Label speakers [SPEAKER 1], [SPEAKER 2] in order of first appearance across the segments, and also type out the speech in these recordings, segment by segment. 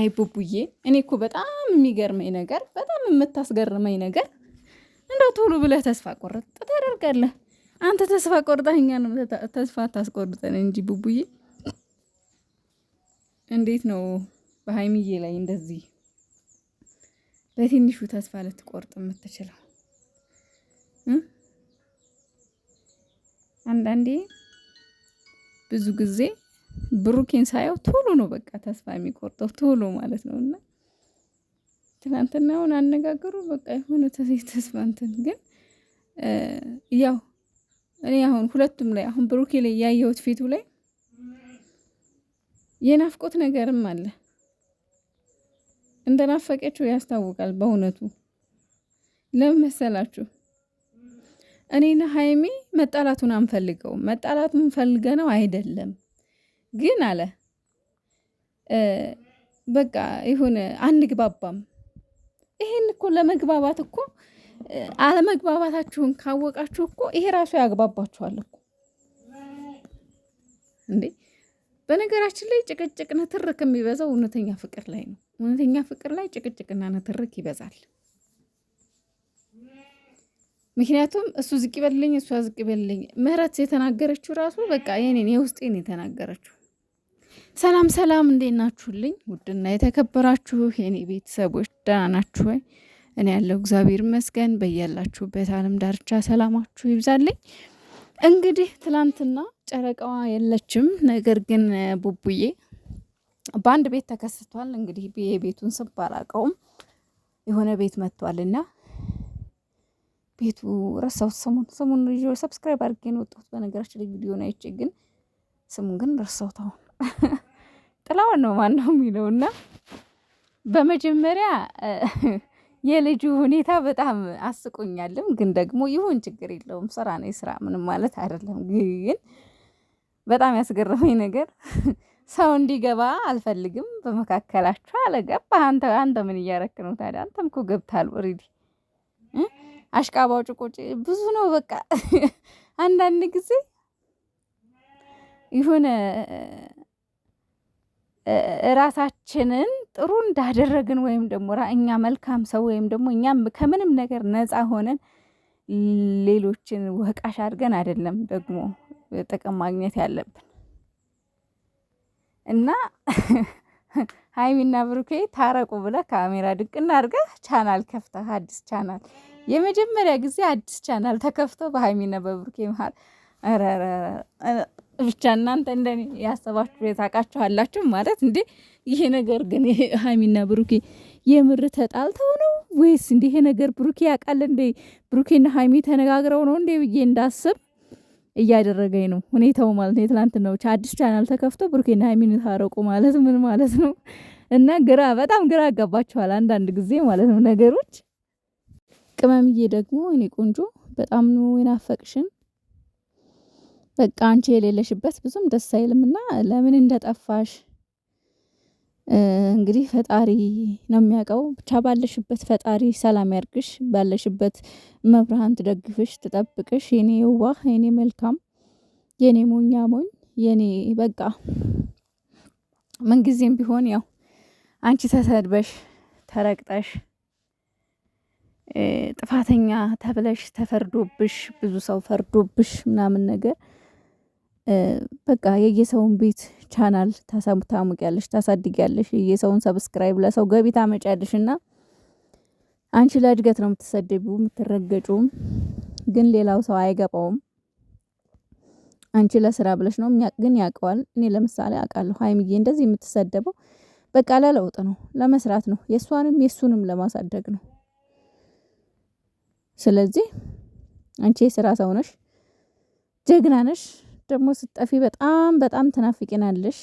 [SPEAKER 1] አይ ቡቡዬ፣ እኔ እኮ በጣም የሚገርመኝ ነገር በጣም የምታስገርመኝ ነገር እንደው ቶሎ ብለህ ተስፋ ቆረጥ ታደርጋለህ። አንተ ተስፋ ቆርጠህ እኛን ተስፋ ታስቆርጠን እንጂ ቡቡዬ፣ እንዴት ነው በሀይሚዬ ላይ እንደዚህ በትንሹ ተስፋ ልትቆርጥ የምትችለው? አንዳንዴ ብዙ ጊዜ ብሩኬን ሳየው ቶሎ ነው በቃ ተስፋ የሚቆርጠው ቶሎ ማለት ነው። እና ትናንትና አሁን አነጋገሩ በቃ የሆነ ተስፋ እንትን ግን ያው እኔ አሁን ሁለቱም ላይ አሁን ብሩኬ ላይ ያየሁት ፊቱ ላይ የናፍቆት ነገርም አለ። እንደናፈቀችው ያስታውቃል። በእውነቱ ለምን መሰላችሁ? እኔና ሀይሜ መጣላቱን አንፈልገውም። መጣላቱን ፈልገነው አይደለም ግን አለ በቃ ይሁን አንግባባም። ይሄን እኮ ለመግባባት እኮ አለመግባባታችሁን ካወቃችሁ እኮ ይሄ ራሱ ያግባባችኋል እኮ እንዴ። በነገራችን ላይ ጭቅጭቅ ንትርክ የሚበዛው እውነተኛ ፍቅር ላይ ነው። እውነተኛ ፍቅር ላይ ጭቅጭቅና ንትርክ ይበዛል። ምክንያቱም እሱ ዝቅ ይበልልኝ፣ እሷ ዝቅ ይበልልኝ። ምህረት የተናገረችው ራሱ በቃ የኔን የውስጤን የተናገረችው ሰላም ሰላም፣ እንዴት ናችሁልኝ? ውድና የተከበራችሁ የኔ ቤተሰቦች ደህና ናችሁ ወይ? እኔ ያለው እግዚአብሔር ይመስገን። በያላችሁበት ዓለም ዳርቻ ሰላማችሁ ይብዛልኝ። እንግዲህ ትላንትና ጨረቃዋ የለችም፣ ነገር ግን ቡቡዬ በአንድ ቤት ተከስቷል። እንግዲህ የቤቱን ስም ባላቀውም የሆነ ቤት መጥቷልና ቤቱ ረሳሁት። ሰሞን ሰሞን ልጅ ሰብስክራይብ አድርጌ ነው ወጣሁት። በነገራችን ላይ ቪዲዮን አይቼ ግን ስሙን ግን ረሳሁት አሁን ጥላውን ነው ማን ነው የሚለው እና በመጀመሪያ የልጁ ሁኔታ በጣም አስቆኛልም፣ ግን ደግሞ ይሁን ችግር የለውም ስራ ነው የስራ ምንም ማለት አይደለም። ግን በጣም ያስገረመኝ ነገር ሰው እንዲገባ አልፈልግም በመካከላችሁ አለገባ። አንተ አንተ ምን እያረክ ነው ታዲያ? አንተም እኮ ገብታል ኦልሬዲ። አሽቃባጭ ቁጭ ብዙ ነው በቃ አንዳንድ ጊዜ የሆነ ራሳችንን ጥሩ እንዳደረግን ወይም ደግሞ እኛ መልካም ሰው ወይም ደግሞ እኛም ከምንም ነገር ነፃ ሆነን ሌሎችን ወቃሽ አድርገን አይደለም ደግሞ ጥቅም ማግኘት ያለብን እና ሀይሚና ብሩኬ ታረቁ ብለ ካሜራ ድቅና አድርገህ ቻናል ከፍተህ አዲስ ቻናል የመጀመሪያ ጊዜ አዲስ ቻናል ተከፍቶ በሀይሚና በብሩኬ መሀል ብቻ እናንተ እንደኔ ያሰባችሁ የታውቃችኋላችሁ ማለት እንዴ? ይሄ ነገር ግን ሀይሚና ብሩኬ የምር ተጣልተው ነው ወይስ እንደ ይሄ ነገር ብሩኬ ያውቃል እንዴ? ብሩኬና ሀይሚ ተነጋግረው ነው እንዴ ብዬ እንዳስብ እያደረገኝ ነው ሁኔታው ማለት ነው። ነው አዲስ ቻናል ተከፍቶ ብሩኬና ሀይሚን ታረቁ ማለት ምን ማለት ነው? እና ግራ በጣም ግራ ያጋባችኋል አንዳንድ ጊዜ ማለት ነው ነገሮች። ቅመምዬ ደግሞ እኔ ቆንጆ በጣም ነው የናፈቅሽን በቃ አንቺ የሌለሽበት ብዙም ደስ አይልም እና ለምን እንደጠፋሽ? እንግዲህ ፈጣሪ ነው የሚያውቀው ብቻ ባለሽበት ፈጣሪ ሰላም ያርግሽ ባለሽበት መብርሃን ትደግፍሽ ትጠብቅሽ የኔ የዋህ የኔ መልካም የኔ ሞኛ ሞኝ የኔ በቃ ምን ጊዜም ቢሆን ያው አንቺ ተሰድበሽ ተረግጠሽ ጥፋተኛ ተብለሽ ተፈርዶብሽ ብዙ ሰው ፈርዶብሽ ምናምን ነገር በቃ የየሰውን ቤት ቻናል ታሙቂያለሽ፣ ታሳድጊያለሽ፣ የየሰውን ሰብስክራይብ ለሰው ገቢ ታመጫለሽ እና አንቺ ለእድገት ነው የምትሰደቢው የምትረገጩም፣ ግን ሌላው ሰው አይገባውም። አንቺ ለስራ ብለሽ ነው ግን ያውቀዋል። እኔ ለምሳሌ አውቃለሁ ሀይሚዬ እንደዚህ የምትሰደበው በቃ ለለውጥ ነው ለመስራት ነው የእሷንም የእሱንም ለማሳደግ ነው። ስለዚህ አንቺ የስራ ሰው ነሽ፣ ጀግና ነሽ። ደግሞ ስጠፊ በጣም በጣም ትናፍቂናለሽ።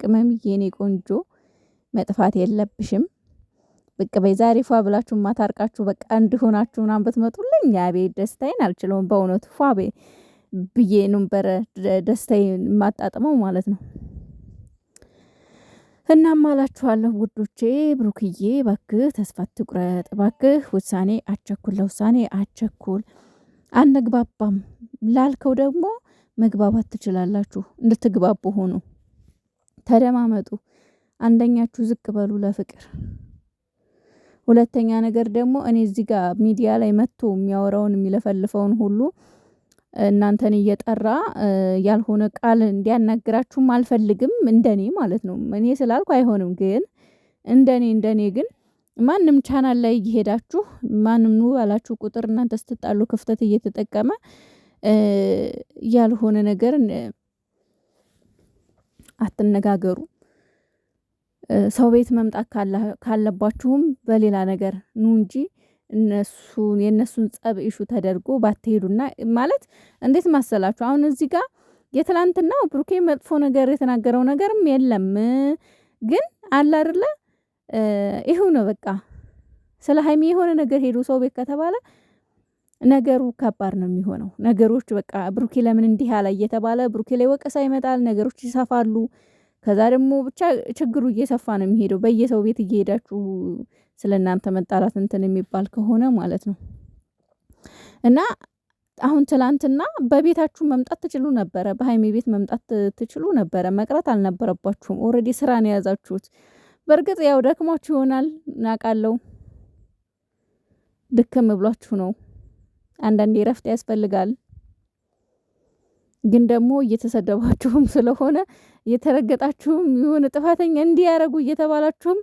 [SPEAKER 1] ቅመምዬ የኔ ቆንጆ መጥፋት የለብሽም። ብቅ በይ ዛሬ ፏ ብላችሁ ማታርቃችሁ በቃ እንዲሆናችሁ ምናምን ብትመጡልኝ አቤ ደስታዬን አልችለውም። በእውነቱ ፏ ብዬ ነበረ ደስታዬን የማጣጥመው ማለት ነው። እናም አላችኋለሁ ውዶቼ፣ ብሩክዬ ባክህ ተስፋ ትቁረጥ፣ ባክህ ውሳኔ አቸኩል፣ ለውሳኔ አቸኩል። አንግባባም ላልከው ደግሞ መግባባት ትችላላችሁ እንድትግባቡ ሆኑ። ተደማመጡ አንደኛችሁ ዝቅ በሉ ለፍቅር። ሁለተኛ ነገር ደግሞ እኔ እዚህ ጋር ሚዲያ ላይ መጥቶ የሚያወራውን የሚለፈልፈውን ሁሉ እናንተን እየጠራ ያልሆነ ቃል እንዲያናግራችሁም አልፈልግም። እንደኔ ማለት ነው እኔ ስላልኩ አይሆንም፣ ግን እንደኔ እንደኔ ግን ማንም ቻናል ላይ እየሄዳችሁ ማንም ኑ ባላችሁ ቁጥር እናንተ ስትጣሉ ክፍተት እየተጠቀመ ያልሆነ ነገር አትነጋገሩ። ሰው ቤት መምጣት ካለባችሁም በሌላ ነገር ኑ እንጂ እነሱን የእነሱን ፀብ ኢሹ ተደርጎ ባትሄዱና ማለት እንዴት ማሰላችሁ? አሁን እዚህ ጋር የትላንትናው ብሩኬ መጥፎ ነገር የተናገረው ነገርም የለም ግን አላርለ አይደለ ነው በቃ ስለ ሀይሚ የሆነ ነገር ሄዱ ሰው ቤት ከተባለ ነገሩ ከባድ ነው የሚሆነው። ነገሮች በቃ ብሩኬ ለምን እንዲህ አለ እየተባለ ብሩኬ ላይ ወቀሳ ይመጣል። ነገሮች ይሰፋሉ። ከዛ ደግሞ ብቻ ችግሩ እየሰፋ ነው የሚሄደው። በየሰው ቤት እየሄዳችሁ ስለ እናንተ መጣላት እንትን የሚባል ከሆነ ማለት ነው። እና አሁን ትላንትና በቤታችሁ መምጣት ትችሉ ነበረ፣ በሀይሜ ቤት መምጣት ትችሉ ነበረ። መቅረት አልነበረባችሁም። ኦልሬዲ ስራ ነው የያዛችሁት። በእርግጥ ያው ደክሟችሁ ይሆናል፣ እናውቃለሁ። ድክም ብሏችሁ ነው አንዳንዴ እረፍት ያስፈልጋል። ግን ደግሞ እየተሰደባችሁም ስለሆነ እየተረገጣችሁም የሆነ ጥፋተኛ እንዲያረጉ እየተባላችሁም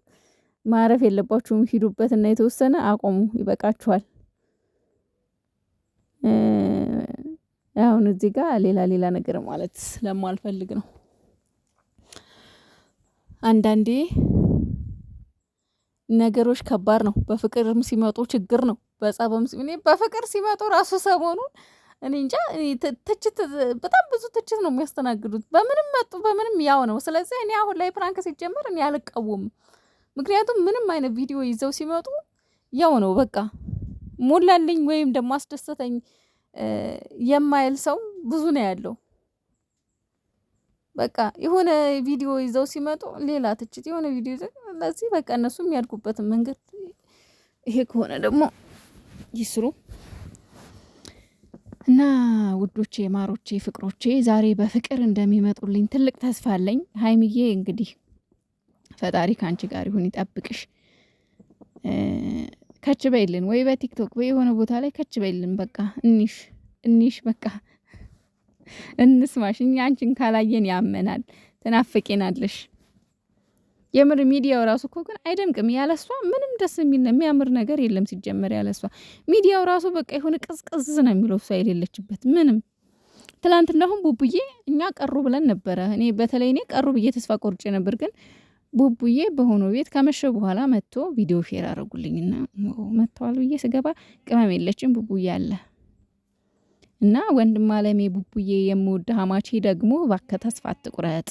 [SPEAKER 1] ማረፍ የለባችሁም። እና የተወሰነ አቆሙ ይበቃችኋል። አሁን እዚህ ጋር ሌላ ሌላ ነገር ማለት ስለማልፈልግ ነው። አንዳንዴ ነገሮች ከባድ ነው። በፍቅርም ሲመጡ ችግር ነው። በጸበም እኔ በፍቅር ሲመጡ ራሱ ሰሞኑን እኔ እንጃ ትችት በጣም ብዙ ትችት ነው የሚያስተናግዱት። በምንም መጡ በምንም ያው ነው። ስለዚህ እኔ አሁን ላይ ፕራንክ ሲጀመር እኔ አልቀውም፣ ምክንያቱም ምንም አይነት ቪዲዮ ይዘው ሲመጡ ያው ነው በቃ ሞላልኝ ወይም ደግሞ አስደሰተኝ የማይል ሰው ብዙ ነው ያለው። በቃ የሆነ ቪዲዮ ይዘው ሲመጡ ሌላ ትችት፣ የሆነ ቪዲዮ ይዘው ለዚህ በቃ እነሱ የሚያድጉበትን መንገድ ይሄ ከሆነ ደግሞ ይስሩ እና ውዶቼ ማሮቼ ፍቅሮቼ ዛሬ በፍቅር እንደሚመጡልኝ ትልቅ ተስፋ አለኝ። ሀይሚዬ እንግዲህ ፈጣሪ ከአንቺ ጋር ይሁን ይጠብቅሽ። ከች በይልን ወይ በቲክቶክ ወይ የሆነ ቦታ ላይ ከች በይልን። በቃ እኒሽ እኒሽ በቃ እንስማሽ። እኛ አንቺን ካላየን ያመናል። ትናፍቄናለሽ። የምር ሚዲያው ራሱ እኮ ግን አይደምቅም። ያለሷ ምንም ደስ የሚል የሚያምር ነገር የለም። ሲጀመር ያለሷ ሚዲያው ራሱ በቃ የሆነ ቅዝቅዝ ነው የሚለው እሷ የሌለችበት ምንም። ትላንትና አሁን ቡቡዬ እኛ ቀሩ ብለን ነበረ። እኔ በተለይ እኔ ቀሩ ብዬ ተስፋ ቆርጬ ነበር። ግን ቡቡዬ በሆነ ቤት ከመሸ በኋላ መጥቶ ቪዲዮ ሼር አደረጉልኝና መጥተዋል ብዬ ስገባ ቅመም የለችም ቡቡዬ አለ እና ወንድም አለሜ ቡቡዬ የምወድ ሀማቼ ደግሞ ባከ ተስፋ አትቁረጥ